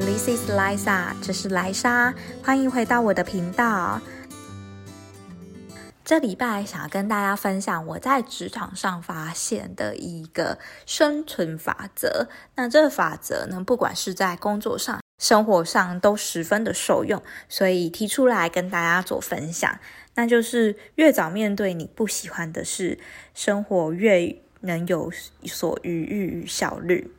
This Liz is Liza，這是萊莎，歡迎回到我的頻道。這禮拜想要跟大家分享我在職場上發現的一個生存法則。那這個法則呢，不管是在工作上、生活上，都十分的受用，所以提出來跟大家做分享。那就是越早面對你不喜歡的事，生活越能有所餘裕與效率。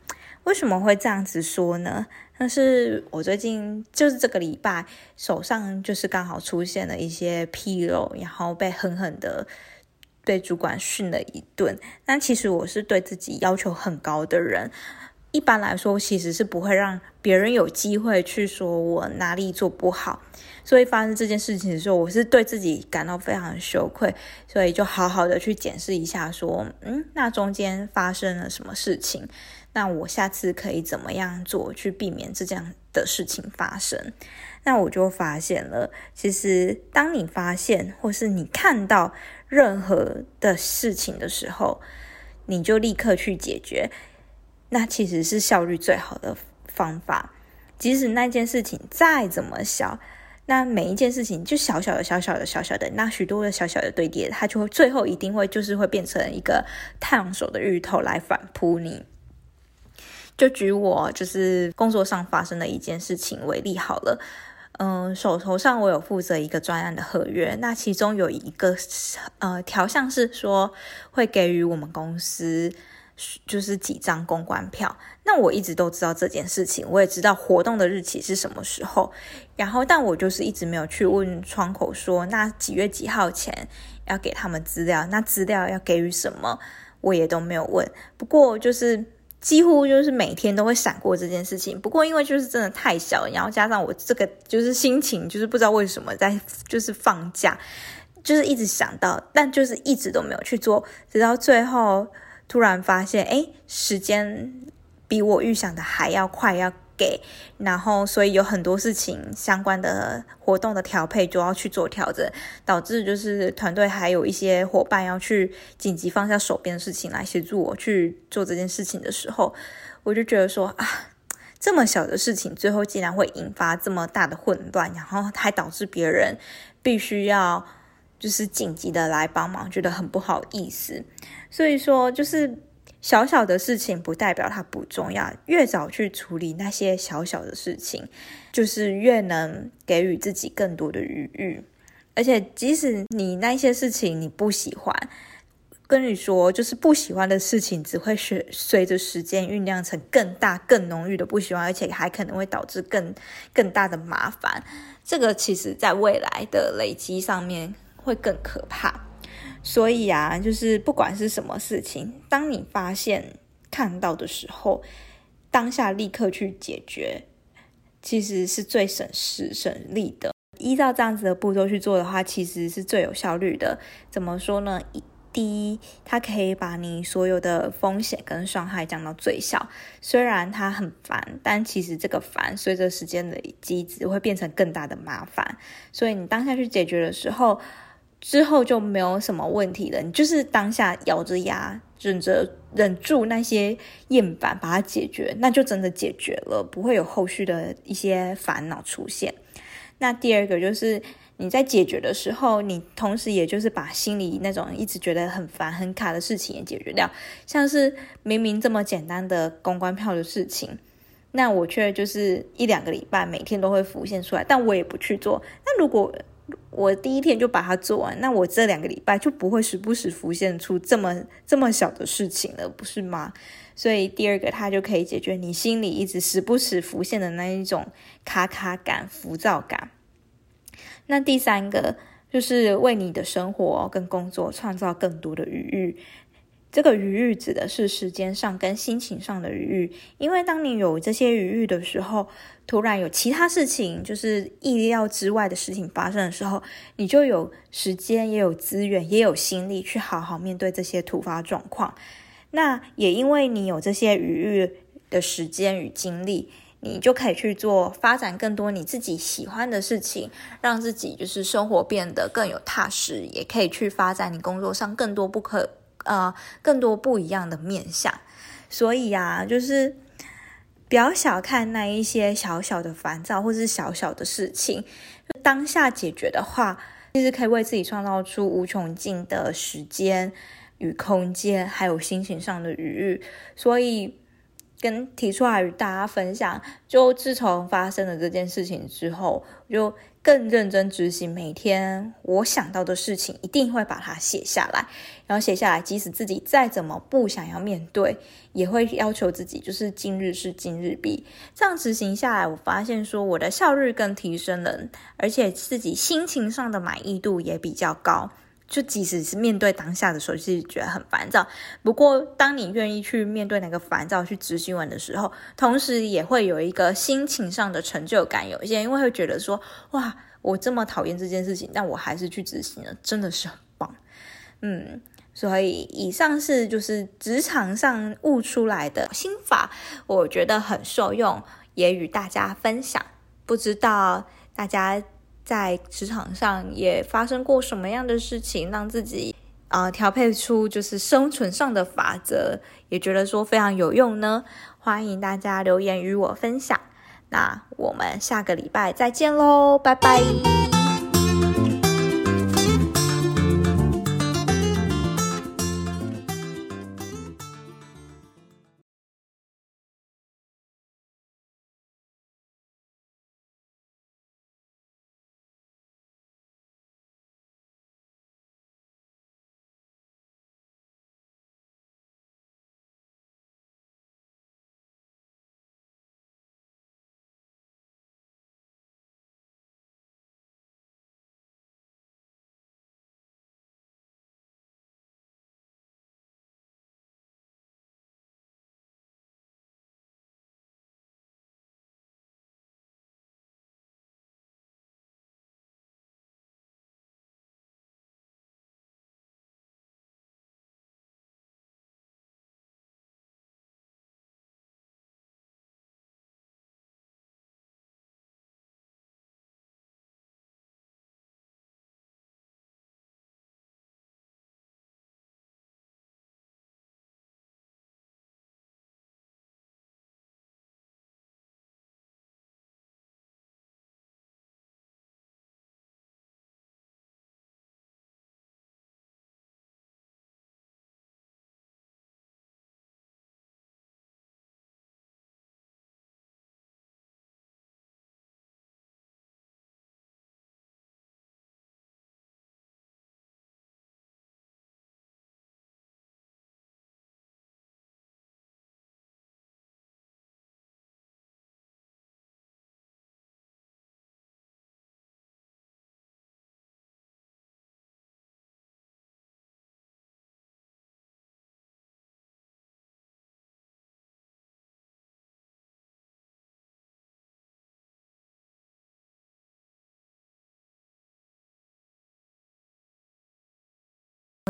為什麼會這樣子說呢？但是我最近就是這個禮拜手上就是剛好出現了一些紕漏，然後被狠狠的被主管訓了一頓。但其實我是對自己要求很高的人，一般來說其實是不會讓別人有機會去說我哪裡做不好。所以發生這件事情的時候，我是對自己感到非常的羞愧，所以就好好的去檢視一下說，說嗯，那中間發生了什麼事情。那我下次可以怎麼樣做去避免這樣的事情發生？那我就發現了，其實當你發現或是你看到任何的事情的時候，你就立刻去解決，那其實是效率最好的方法。即使那件事情再怎麼小，那每一件事情就小小的、小小的、小小的，那許多的小小的堆疊，它就會最後一定會就是會變成一個燙手的芋頭來反撲你。就舉我就是工作上發生的一件事情為例好了，嗯、呃，手頭上我有負責一個專案的合約，那其中有一個呃條項是說會給予我們公司就是幾張公關票，那我一直都知道這件事情，我也知道活動的日期是什麼時候，然後但我就是一直沒有去問窗口說那幾月幾號前要給他們資料，那資料要給予什麼我也都沒有問，不過就是。幾乎就是每天都會閃過這件事情，不過因為就是真的太小了，然後加上我這個就是心情，就是不知道為什麼在就是放假，就是一直想到，但就是一直都沒有去做，直到最後突然發現，欸，時間比我預想的還要快，要。給，然後所以有很多事情相關的活動的調配就要去做調整，導致就是團隊還有一些夥伴要去緊急放下手邊的事情來協助我去做這件事情的時候，我就覺得說啊，這麼小的事情最後竟然會引發這麼大的混亂，然後還導致別人必須要就是緊急的來幫忙，覺得很不好意思。所以說就是。小小的事情不代表它不重要，越早去處理那些小小的事情，就是越能給予自己更多的餘裕。而且，即使你那些事情你不喜歡，跟你說就是不喜歡的事情，只會隨隨着時間醞釀成更大、更濃郁的不喜歡，而且還可能會導致更更大的麻煩。這個其實在未來的累積上面會更可怕。所以啊，就是不管是什麼事情，當你發現，看到的時候，當下立刻去解決，其實是最省時省力的。依照這樣子的步驟去做的話，其實是最有效率的。怎麼說呢？第一，它可以把你所有的風險跟傷害降到最小。雖然它很煩，但其實這個煩隨着時間的累積只會變成更大的麻煩。所以你當下去解決的時候。之後就沒有什麼問題了，你就是當下咬着牙，忍着忍住那些厭煩，把它解決，那就真的解決了，不會有後續的一些煩惱出現。那第二個就是你在解決的時候，你同時也就是把心裡那種一直覺得很煩很卡的事情也解決掉，像是明明這麼簡單的公關票的事情，那我卻就是一兩個禮拜每天都會浮現出來，但我也不去做。那如果我第一天就把它做完，那我這兩個禮拜就不會時不時浮現出這麼這麼小的事情了，不是嗎？所以第二個，它就可以解決你心裡一直時不時浮現的那一種卡卡感、浮躁感。那第三個，就是為你的生活、哦、跟工作創造更多的餘裕。這個餘裕指的是時間上跟心情上的餘裕。因為當你有這些餘裕的時候，突然有其他事情，就是意料之外的事情發生的時候，你就有時間，也有資源，也有心力去好好面對這些突發狀況。那也因為你有這些餘裕的時間與精力，你就可以去做發展更多你自己喜歡的事情，讓自己就是生活變得更有踏實，也可以去發展你工作上更多不可，呃，更多不一樣的面向，所以啊，就是不要小看那一些小小的煩躁或是小小的事情，當下解決的話，其實可以為自己創造出無窮盡的時間與空間，還有心情上的愉悅，所以。跟提出來與大家分享，就自從發生了這件事情之後，就更認真執行每天我想到的事情，一定會把它寫下來，然後寫下來，即使自己再怎麼不想要面對，也會要求自己，就是今日事今日畢。這樣執行下來，我發現說我的效率更提升了，而且自己心情上的滿意度也比較高。就即使是面對當下的時候，其實覺得很煩躁。不過，當你願意去面對那個煩躁去執行完的時候，同時也會有一個心情上的成就感有。有一些人因為會覺得說，哇，我這麼討厭這件事情，但我還是去執行了，真的是很棒。嗯，所以以上是就是職場上悟出來的心法，我覺得很受用，也與大家分享。不知道大家。在職場上也發生過什麼樣的事情，讓自己啊、呃、調配出就是生存上的法則，也覺得說非常有用呢？歡迎大家留言與我分享。那我們下個禮拜再見嘍，拜拜。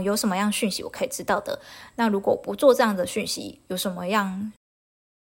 有什麼樣訊息我可以知道的？那如果不做這樣的訊息，有什麼樣？